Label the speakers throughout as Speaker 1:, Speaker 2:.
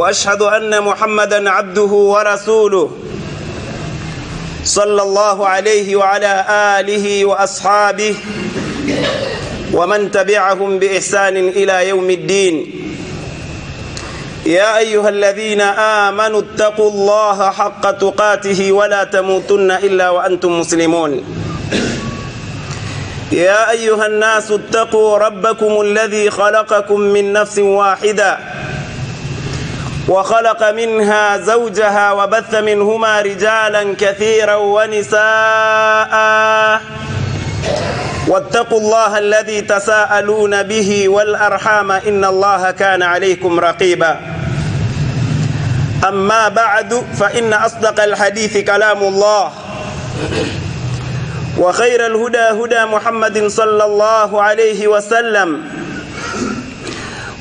Speaker 1: واشهد ان محمدا عبده ورسوله صلى الله عليه وعلى اله واصحابه ومن تبعهم باحسان الى يوم الدين يا ايها الذين امنوا اتقوا الله حق تقاته ولا تموتن الا وانتم مسلمون يا ايها الناس اتقوا ربكم الذي خلقكم من نفس واحده وخلق منها زوجها وبث منهما رجالا كثيرا ونساء واتقوا الله الذي تساءلون به والأرحام إن الله كان عليكم رقيبا أما بعد فإن أصدق الحديث كلام الله وخير الهدى هدى محمد صلى الله عليه وسلم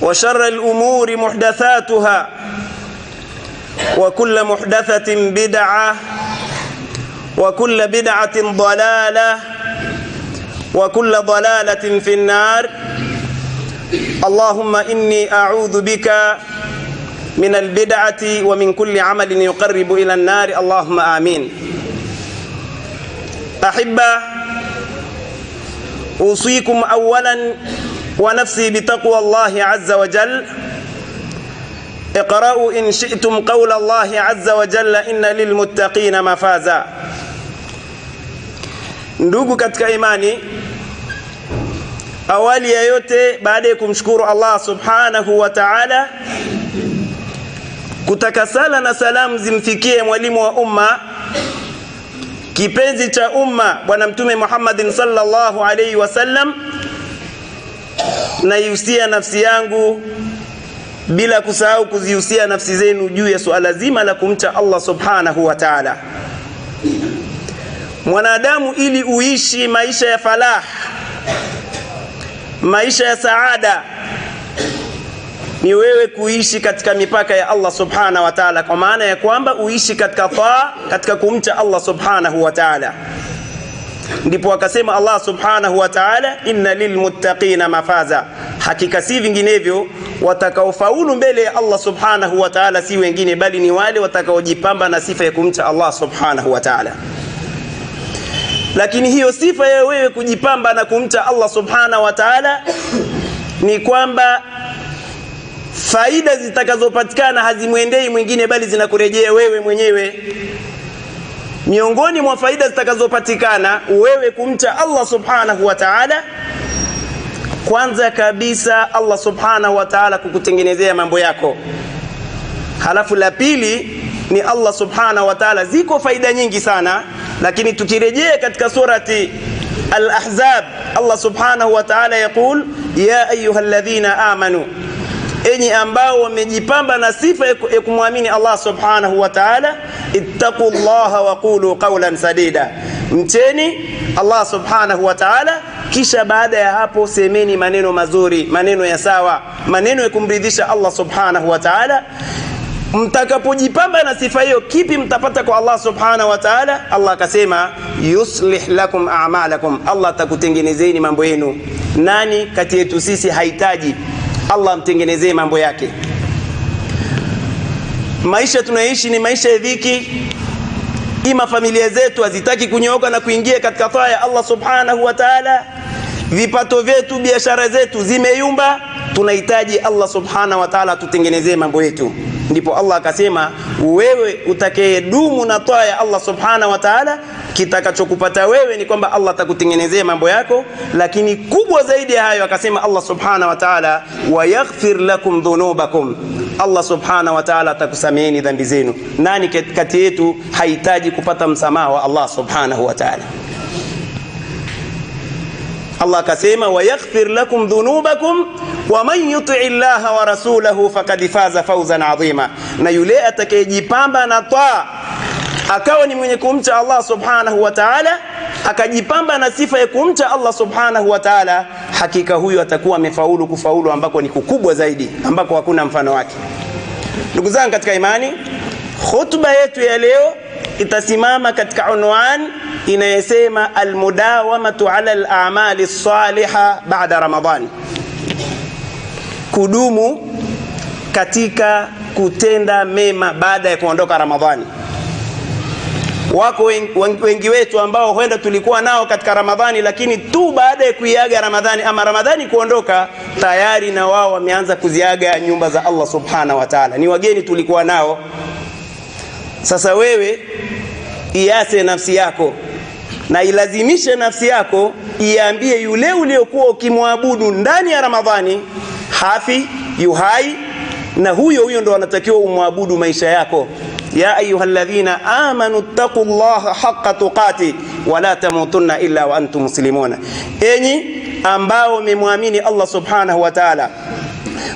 Speaker 1: وشر الأمور محدثاتها وكل محدثة بدعة وكل بدعة ضلالة وكل ضلالة في النار اللهم إني أعوذ بك من البدعة ومن كل عمل يقرب إلى النار اللهم آمين أحبة أوصيكم أولا ونفسي بتقوى الله عز وجل اقرأوا إن شئتم قول الله عز وجل إن للمتقين mafaza. Ndugu katika imani, awali ya yote, baada ya kumshukuru Allah subhanahu wa ta'ala, kutaka sala na salamu zimfikie mwalimu wa umma, kipenzi cha umma, Bwana Mtume Muhammadin sallallahu alayhi wasallam, yusia nafsi yangu bila kusahau kuzihusia nafsi zenu juu ya suala zima la kumcha Allah subhanahu wa ta'ala. Mwanadamu ili uishi maisha ya falah, maisha ya saada, ni wewe kuishi katika mipaka ya Allah subhanahu wa ta'ala, kwa maana ya kwamba uishi katika taa, katika kumcha Allah subhanahu wa ta'ala. Ndipo akasema Allah subhanahu wa ta'ala, inna lilmuttaqina mafaza, hakika si vinginevyo watakaofaulu mbele ya Allah subhanahu wa ta'ala si wengine bali ni wale watakaojipamba na sifa ya kumcha Allah subhanahu wa ta'ala. Lakini hiyo sifa ya wewe kujipamba na kumcha Allah subhanahu wa ta'ala ni kwamba faida zitakazopatikana hazimwendei mwingine bali zinakurejea wewe mwenyewe miongoni mwa faida zitakazopatikana wewe kumcha Allah subhanahu wa ta'ala kwanza kabisa Allah subhanahu wa ta'ala kukutengenezea mambo yako halafu la pili ni Allah subhanahu wa ta'ala ziko faida nyingi sana lakini tukirejea katika surati al-ahzab Allah subhanahu wa ta'ala yakul ya ayyuhalladhina amanu enyi ambao wamejipamba na sifa ya kumwamini Allah subhanahu wa ta'ala ittaqu llaha waqulu qawlan sadida, mcheni Allah subhanahu wa ta'ala, kisha baada ya hapo semeni maneno mazuri, maneno ya sawa, maneno ya kumridhisha Allah subhanahu wa ta'ala. Mtakapojipamba na sifa hiyo, kipi mtapata kwa Allah subhanahu wa ta'ala? Allah akasema yuslih lakum a'malakum, Allah atakutengenezeni mambo yenu. Nani kati yetu sisi hahitaji Allah amtengenezee mambo yake? Maisha tunayoishi ni maisha ya dhiki, ima familia zetu hazitaki kunyooka na kuingia katika taa ya Allah subhanahu wa ta'ala, vipato vyetu, biashara zetu zimeyumba. Tunahitaji Allah subhanahu wa ta'ala atutengenezee mambo yetu. Ndipo Allah akasema, wewe utakayedumu na toa ya Allah subhanahu wa ta'ala, kitakachokupata wewe ni kwamba Allah atakutengenezea mambo yako, lakini kubwa zaidi ya hayo akasema Allah subhanahu wa ta'ala, wayaghfir lakum dhunubakum Allah subhanahu wa ta'ala atakusameheni dhambi zenu. Nani kati yetu hahitaji kupata msamaha wa Allah subhanahu wa ta'ala? Allah akasema wayaghfir lakum dhunubakum waman yuti llaha wa rasulahu faqad faza fawzan adhima, na yule atakayejipamba na taa akawa ni mwenye kumcha Allah subhanahu wa ta'ala, akajipamba na sifa ya kumcha Allah subhanahu wa ta'ala, hakika huyo atakuwa amefaulu kufaulu ambako ni kukubwa zaidi, ambako hakuna mfano wake. Ndugu zangu katika imani, khutba yetu ya leo itasimama katika unwani inayosema almudawamatu ala alamali amali saliha baada Ramadhan, kudumu katika kutenda mema baada ya kuondoka Ramadhani. Wako wengi wetu ambao huenda tulikuwa nao katika Ramadhani, lakini tu baada ya kuiaga Ramadhani ama Ramadhani kuondoka, tayari na wao wameanza kuziaga nyumba za Allah subhanahu wa ta'ala. Ni wageni tulikuwa nao sasa wewe iase nafsi yako na ilazimishe nafsi yako iambie yule uliokuwa ukimwabudu ndani ya Ramadhani hafi yuhai, na huyo huyo ndo anatakiwa umwabudu maisha yako. ya ayyuhalladhina amanu taqullaha haqqa tuqati wala tamutunna illa wa antum muslimuna, enyi ambao mmemwamini Allah subhanahu wa ta'ala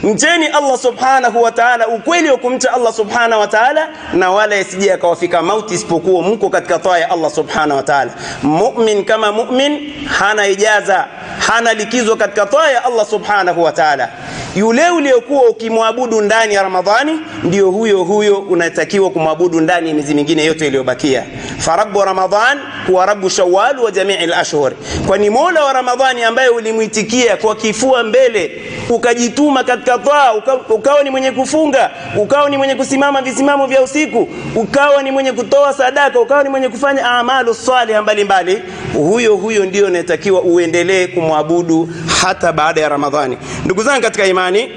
Speaker 1: mcheni Allah subhanahu wa ta'ala, ukweli wa kumcha Allah subhanahu wa ta'ala, na wala yasije akawafika mauti isipokuwa mko katika toa ya Allah subhanahu wa ta'ala. Mu'min kama mu'min hana ijaza hana likizo katika toa ya Allah subhanahu wa ta'ala. Yule uliokuwa ukimwabudu ndani ya Ramadhani ndio huyo huyo unatakiwa kumwabudu ndani ya miezi mingine yote iliyobakia. Farabu Ramadhan huwa rabu Shawwal wa jamii al-ashhur, ni Mola wa Ramadhani ambaye ulimwitikia kwa kifua mbele ukajituma katika taa, ukawa ni mwenye kufunga, ukawa ni mwenye kusimama visimamo vya usiku, ukawa ni mwenye kutoa sadaka, ukawa ni mwenye kufanya amalu salih mbalimbali, huyo huyo ndio unatakiwa uendelee kumwabudu hata baada ya Ramadhani. Ndugu zangu katika imani,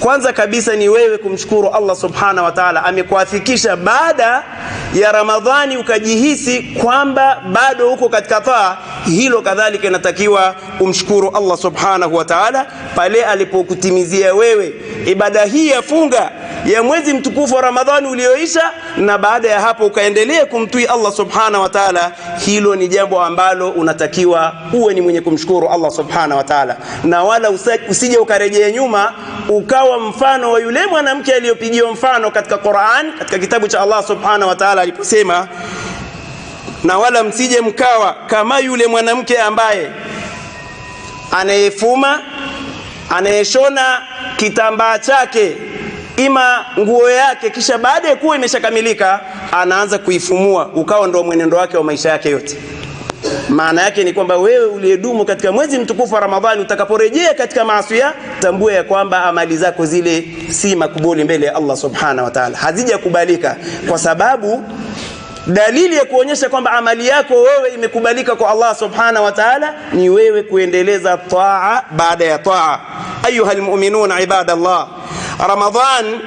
Speaker 1: kwanza kabisa ni wewe kumshukuru Allah subhanahu wa ta'ala, amekuafikisha baada ya Ramadhani ukajihisi kwamba bado uko katika taa. Hilo kadhalika inatakiwa umshukuru Allah subhanahu wa ta'ala pale alipokutimizia wewe ibada hii ya funga ya mwezi mtukufu wa Ramadhani ulioisha, na baada ya hapo ukaendelea kumtii Allah subhana wa taala. Hilo ni jambo ambalo unatakiwa uwe ni mwenye kumshukuru Allah subhana wa taala, na wala usije ukarejea nyuma ukawa mfano wa yule mwanamke aliyopigiwa mfano katika Qur'an, katika kitabu cha Allah subhana wa taala aliposema, na wala msije mkawa kama yule mwanamke ambaye anayefuma anayeshona kitambaa chake ima nguo yake, kisha baada ya kuwa imeshakamilika anaanza kuifumua, ukawa ndo mwenendo wake wa maisha yake yote. Maana yake ni kwamba wewe uliyedumu katika mwezi mtukufu wa Ramadhani, utakaporejea katika maasiya, tambua ya kwamba amali zako zile si makubuli mbele ya Allah subhana wa taala, hazijakubalika kwa sababu dalili ya kuonyesha kwamba amali yako wewe imekubalika kwa Allah subhana wa taala ni wewe kuendeleza taa baada ya taa. Ayuha lmuminun ibadallah Ramadhan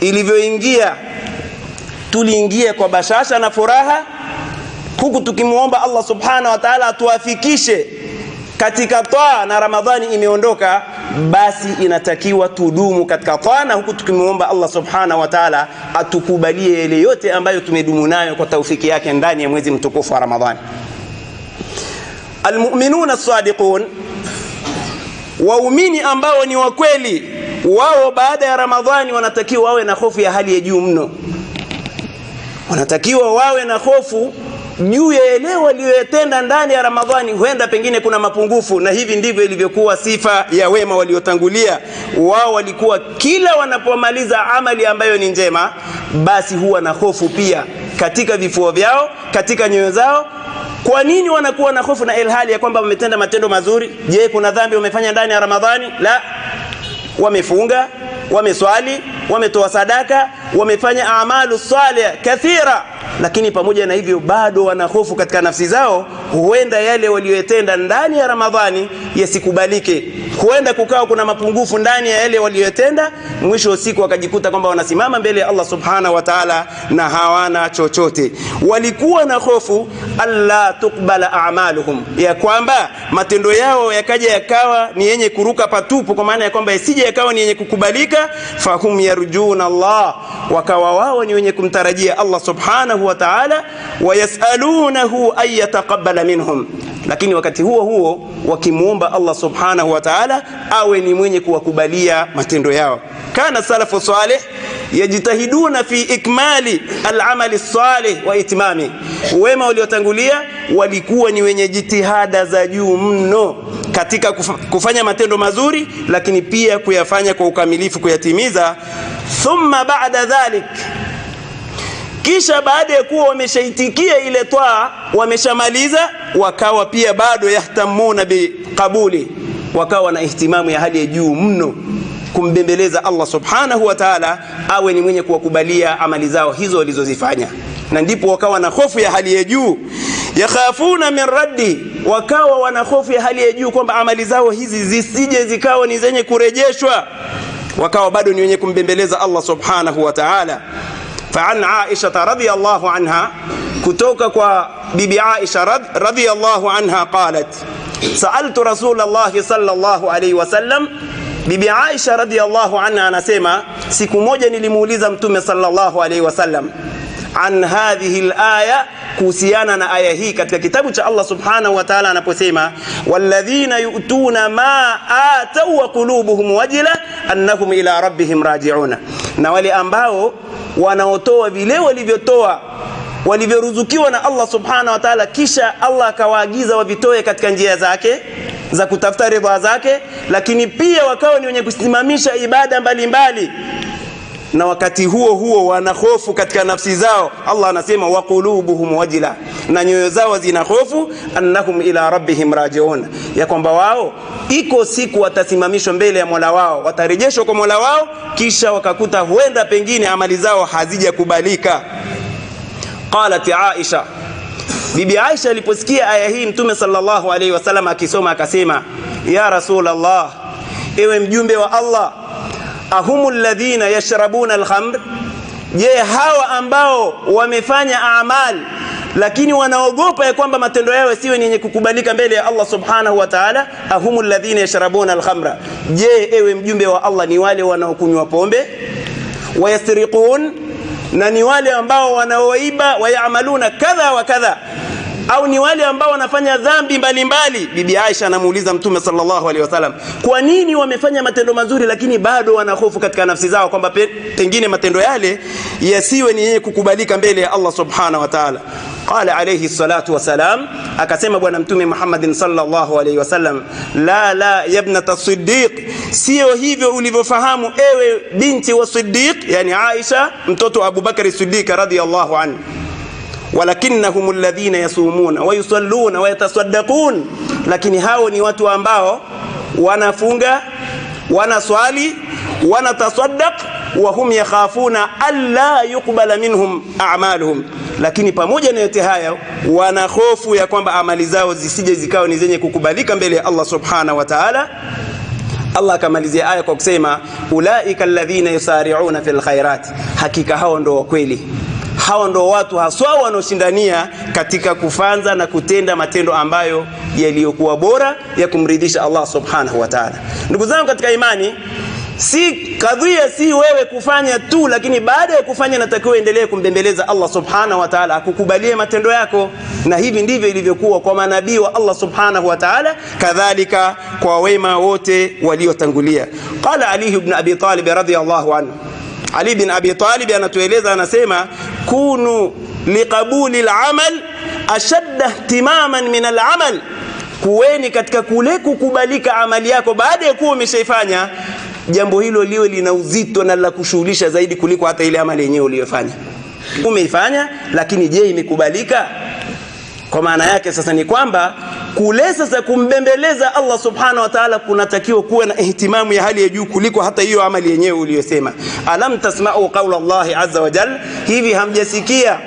Speaker 1: ilivyoingia tuliingia kwa bashasha na furaha, huku tukimwomba Allah subhana wa ta'ala atuafikishe katika taa, na Ramadhani imeondoka, basi inatakiwa tudumu katika toa na huku tukimwomba Allah subhana wa ta'ala atukubalie yale yote ambayo tumedumu nayo kwa taufiki yake ndani ya mwezi mtukufu wa Ramadhani. Almu'minuna as-sadiqun, waumini ambao ni wakweli wao baada ya Ramadhani wanatakiwa wawe na hofu ya hali ya juu mno, wanatakiwa wawe na hofu juu ya yale walioyatenda ndani ya Ramadhani, huenda pengine kuna mapungufu. Na hivi ndivyo ilivyokuwa sifa ya wema waliotangulia. Wao walikuwa kila wanapomaliza amali ambayo ni njema, basi huwa na hofu pia katika vifua vyao, katika nyoyo zao. Kwa nini wanakuwa na hofu na ilhali ya kwamba wametenda matendo mazuri? Je, kuna dhambi wamefanya ndani ya Ramadhani? La wamefunga, wameswali, wametoa sadaka, wamefanya amalu salih kathira, lakini pamoja na hivyo bado wana hofu katika nafsi zao huenda yale waliyotenda ndani ya Ramadhani yasikubalike, huenda kukawa kuna mapungufu ndani ya yale waliyotenda, mwisho wa siku wakajikuta kwamba wanasimama mbele ya Allah subhanahu wa ta'ala na hawana chochote. Walikuwa na hofu alla tukbala a'maluhum, ya kwamba matendo yao yakaja yakawa ni yenye kuruka patupu, kwa maana ya kwamba yasije yakawa ni yenye kukubalika. Fahum yarjuna Allah, wakawa wao ni wenye kumtarajia Allah subhanahu wa ta'ala wayasalunahu an yataqabbala minhum, lakini wakati huo huo wakimwomba Allah subhanahu wa ta'ala awe ni mwenye kuwakubalia matendo yao. Kana salafu salih yajitahiduna fi ikmali alamali salih wa itmami, wema waliotangulia walikuwa ni wenye jitihada za juu mno katika kufanya matendo mazuri, lakini pia kuyafanya kwa ukamilifu, kuyatimiza. Thumma ba'da dhalik kisha baada ya kuwa wameshaitikia ile twaa wameshamaliza, wakawa pia bado yahtamuna biqabuli, wakawa na ihtimamu ya hali ya juu mno kumbembeleza Allah subhanahu wa ta'ala, awe ni mwenye kuwakubalia amali zao hizo walizozifanya, na ndipo wakawa na hofu ya hali ya juu yakhafuna min raddi, wakawa wana hofu ya hali ya juu kwamba amali zao hizi zisije zikawa ni zenye kurejeshwa, wakawa bado ni wenye kumbembeleza Allah subhanahu wa ta'ala fa an Aisha radhiyallahu anha, kutoka kwa bibi Aisha radhiyallahu anha qalat saaltu rasulallahi sallallahu alayhi wasallam Bibi Aisha radhiyallahu anha anasema siku moja nilimuuliza Mtume sallallahu alaihi wasallam an hadhihi alaya, kuhusiana na aya hii katika kitabu cha Allah subhanahu wa ta'ala anaposema, walladhina yu'tuna ma atau wa qulubuhum wajila annahum ila rabbihim raji'una, na wale ambao wanaotoa vile walivyotoa walivyoruzukiwa na Allah subhana wa taala, kisha Allah akawaagiza wavitoe katika njia zake za kutafuta ridha zake, lakini pia wakawa ni wenye kusimamisha ibada mbalimbali mbali na wakati huo huo wana hofu katika nafsi zao. Allah anasema wa qulubuhum wajila, na nyoyo zao zina hofu, annahum ila rabbihim rajiun, ya kwamba wao iko siku watasimamishwa mbele ya Mola wao, watarejeshwa kwa Mola wao, kisha wakakuta huenda pengine amali zao hazijakubalika. Qalat Aisha, Bibi Aisha aliposikia aya hii Mtume sallallahu alaihi wasallam akisoma akasema, ya Rasulullah, ewe mjumbe wa Allah ahumul ladhina yashrabuna alkhamr je hawa ambao wamefanya amali lakini wanaogopa ya kwamba matendo yao siwe ni yenye kukubalika mbele ya Allah subhanahu wa ta'ala ahumul ladhina yashrabuna alkhamra je ewe mjumbe wa Allah ni wale wanaokunywa pombe wayasriqun na ni wale ambao wanaoiba wayamaluna kadha wa kadha au ni wale ambao wanafanya dhambi mbalimbali. Bibi Aisha anamuuliza Mtume sallallahu alaihi wasallam, kwa nini wamefanya matendo mazuri lakini bado wana hofu katika nafsi zao kwamba pengine matendo yale yasiwe ni yenye kukubalika mbele ya Allah subhanahu wa ta'ala. Qala alayhi salatu wasalam, akasema Bwana Mtume Muhammadin sallallahu alaihi wasallam, la la yabnata Siddiq, sio hivyo ulivyofahamu ewe binti wa Siddiq, yani Aisha mtoto wa Abubakari Siddiq radhiyallahu anhu walakinnahum alladhina yasumuna wa yusalluna wa yatasaddaqun, lakini hao ni watu ambao wanafunga, wanaswali, wanatasaddaq wa hum yakhafuna alla yuqbala minhum a'maluhum, lakini pamoja na yote hayo wana hofu ya kwamba amali zao zisije zikao ni zenye kukubalika mbele ya Allah subhana wa ta'ala. Allah akamalizia aya kwa kusema ulaika alladhina yusari'una fil khairat, hakika hao ndo kweli hawa ndo watu haswa wanaoshindania katika kufanza na kutenda matendo ambayo yaliyokuwa bora ya kumridhisha Allah subhanahu wa ta'ala. Ndugu zangu katika imani, si kadhia, si wewe kufanya tu, lakini baada ya kufanya natakiwa endelee kumbembeleza Allah subhanahu wa ta'ala akukubalie matendo yako, na hivi ndivyo ilivyokuwa kwa manabii wa Allah subhanahu wa ta'ala, kadhalika kwa wema wote waliotangulia. Qala Ali ibn Abi Talib radhiyallahu anhu ali bin Abi Talib anatueleza anasema, kunu liqabuli al-amal ashadda ihtimaman min al-amal, kuweni katika kule kukubalika amali yako baada ya kuwa umeshaifanya jambo hilo liwe lina uzito na la kushughulisha zaidi kuliko hata ile amali yenyewe uliyofanya. Umeifanya, lakini je, imekubalika? Kwa maana yake sasa ni kwamba kule sasa kumbembeleza Allah subhanahu wa ta'ala kunatakiwa kuwa na ihtimamu ya hali ya juu kuliko hata hiyo amali yenyewe uliyosema. Alam tasma'u qawla Allah azza wa jal, hivi hamjasikia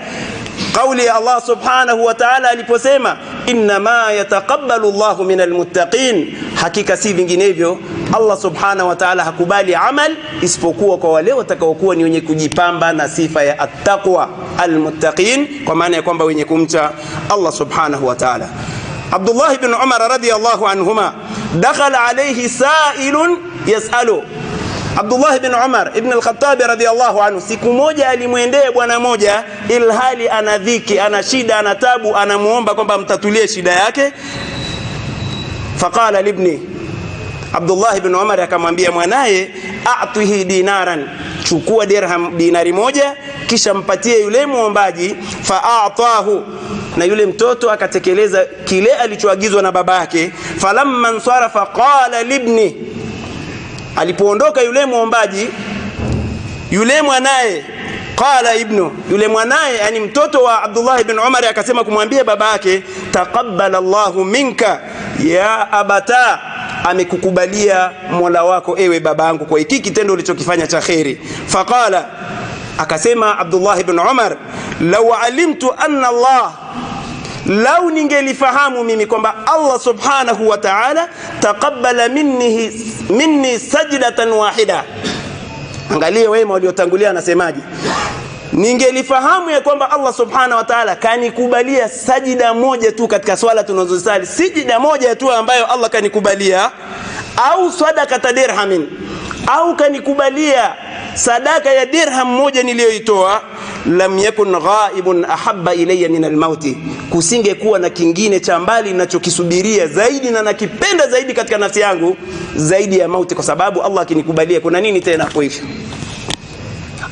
Speaker 1: kauli ya Allah subhanahu wa ta'ala aliposema innama yataqabbalu Allahu min almuttaqin, hakika si vinginevyo Allah subhanahu wa ta'ala hakubali amal isipokuwa kwa wale watakaokuwa ni wenye kujipamba na sifa ya attaqwa almuttaqin, kwa maana ya kwamba wenye kumcha Allah subhanahu wa ta'ala. Abdullah ibn Umar radiyallahu anhuma, dakhala alayhi sa'ilun yas'alu. Abdullah ibn Umar ibn al-Khattab radiyallahu anhu, siku moja alimwendea bwana moja, ilhali ana dhiki, ana shida, ana tabu, anamuomba kwamba mtatulie shida yake. Faqala libni Abdullah ibn Umar akamwambia mwanaye, atihi dinaran, chukua dirham dinari moja, kisha mpatie yule muombaji. Faatahu, na yule mtoto akatekeleza kile alichoagizwa na babake. Falamma nsarafa qala libni, alipoondoka yule muombaji, yule mwanaye Qala ibnu, yule mwanaye yani mtoto wa Abdullah ibn Umar akasema kumwambia baba yake, taqabbala Allahu minka ya abata amekukubalia Mola wako ewe baba angu kwa hiki kitendo ulichokifanya cha kheri. Faqala, akasema Abdullah ibn Umar, law alimtu anna Allah Lau ningelifahamu mimi kwamba Allah subhanahu wa ta'ala taqabbala minni, minni sajdatan wahida. Angalia wema waliotangulia, anasemaje? ningelifahamu ya kwamba Allah subhanahu wa ta'ala kanikubalia sajida moja tu katika swala tunazosali, sajida moja tu ambayo Allah kanikubalia, au sadakata dirhamin, au kanikubalia sadaka ya dirham moja niliyoitoa, lam yakun ghaibun ahabba ilayya min almauti, kusingekuwa na kingine cha mbali ninachokisubiria zaidi na nakipenda zaidi katika nafsi yangu zaidi ya mauti, kwa sababu Allah akinikubalia kuna nini tena hapo hivyo?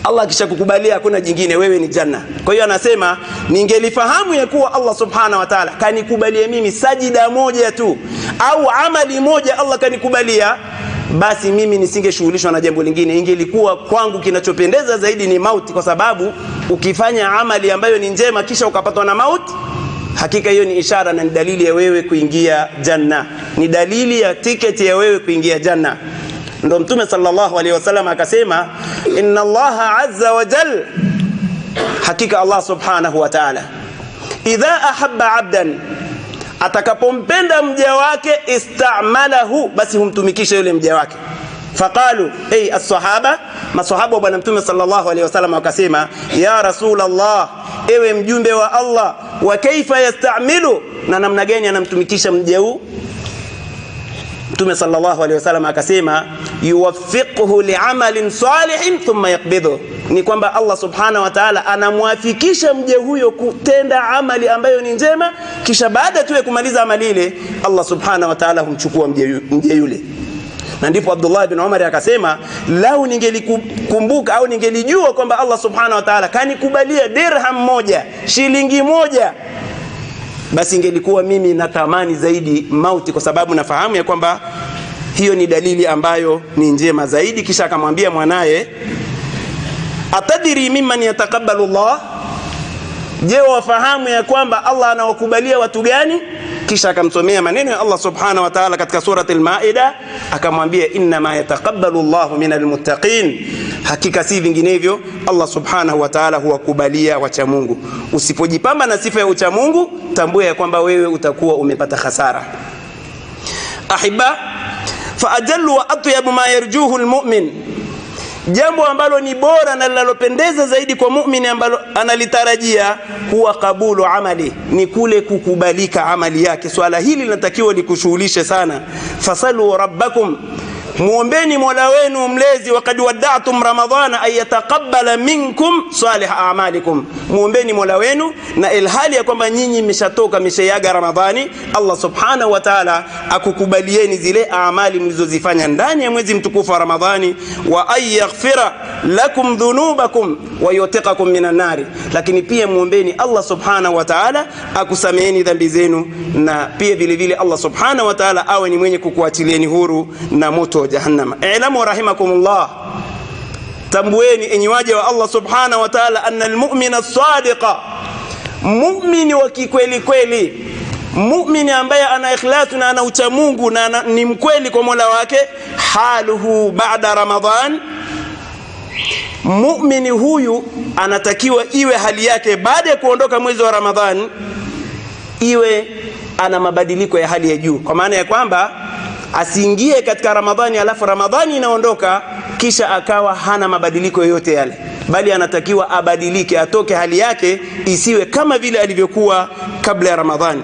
Speaker 1: Allah akishakukubalia hakuna jingine, wewe ni janna. Kwa hiyo anasema ningelifahamu ya kuwa Allah subhanahu wa ta'ala kanikubalia mimi sajida moja tu au amali moja Allah kanikubalia basi mimi nisingeshughulishwa na jambo lingine, ingelikuwa kwangu kinachopendeza zaidi ni mauti, kwa sababu ukifanya amali ambayo ni njema kisha ukapatwa na mauti, hakika hiyo ni ishara na ni dalili ya wewe kuingia janna, ni dalili ya tiketi ya wewe kuingia janna. Ndo Mtume sallallahu alaihi wasallam akasema, inna Allaha azza wa jal, hakika Allah subhanahu wa ta'ala idha ahabba abdan, atakapompenda mja wake istamalahu, basi humtumikisha yule mja wake. Faqalu ay as-sahaba, masahaba wa Bwana Mtume sallallahu alaihi wasallam wakasema, ya rasul Rasulullah, ewe mjumbe wa Allah, wa kaifa yastamilu, na namna gani anamtumikisha mja huu Mtume sallallahu alaihi wasallam akasema, yuwaffiquhu liamalin salihin thumma yaqbidu ni kwamba Allah subhanahu wa ta'ala anamwafikisha mje huyo kutenda amali ambayo ni njema, kisha baada tu ya kumaliza amali ile Allah subhanahu wa ta'ala humchukua mje yule na ndipo Abdullah ibn Umar akasema, lau ningelikumbuka au ningelijua kwamba Allah subhanahu wa ta'ala kanikubalia dirham moja, shilingi moja basi ingelikuwa mimi natamani zaidi mauti, kwa sababu nafahamu ya kwamba hiyo ni dalili ambayo ni njema zaidi. Kisha akamwambia mwanaye, atadiri mimman yataqabbalu Allah, je, wafahamu ya kwamba Allah anawakubalia watu gani? Kisha akamsomea maneno ya Allah subhanahu wa ta'ala katika surati Al-Maida, akamwambia innama yataqabbalu Allahu minal muttaqin Hakika si vinginevyo Allah subhanahu wa ta'ala huwakubalia wacha Mungu. Usipojipamba na sifa ya ucha Mungu, tambua ya kwamba wewe utakuwa umepata hasara. Ahiba, fa ajallu wa atyabu ma yarjuhu almu'min, jambo ambalo ni bora na linalopendeza zaidi kwa muumini ambalo analitarajia huwa kabulu amali, ni kule kukubalika amali yake. Swala hili linatakiwa likushughulishe sana. Fasalu rabbakum muombeni mola wenu mlezi wakad wadatum ramadhana an minkum salih amalikum muombeni mola wenu na ilhali ya kwamba nyinyi mmeshatoka mmeshayaga ramadhani allah subhanahu taala akukubalieni zile amali mlizozifanya ndani ya mwezi mtukufu wa ramadhani wa ayaghfira lakum dhunubakum wa yutiqakum minan nari lakini pia muombeni allah subhanahu taala akusameheni dhambi zenu na pia vile vile allah subhanahu taala awe ni mwenye kukuachilieni huru na moto jahannama. Ilamu rahimakumullah, tambueni enyi waja wa Allah subhanahu wa ta'ala, anna almu'mina sadiqa, mu'mini wa kikweli kweli, mu'mini ambaye ana ikhlasu na ana ucha Mungu na ni mkweli kwa Mola wake, haluhu baada Ramadhan mumini huyu anatakiwa iwe hali yake baada ya kuondoka mwezi wa Ramadhani, iwe ana mabadiliko ya hali ya juu, kwa maana ya kwamba asiingie katika Ramadhani alafu Ramadhani inaondoka kisha akawa hana mabadiliko yoyote yale, bali anatakiwa abadilike, atoke hali yake isiwe kama vile alivyokuwa kabla ya Ramadhani.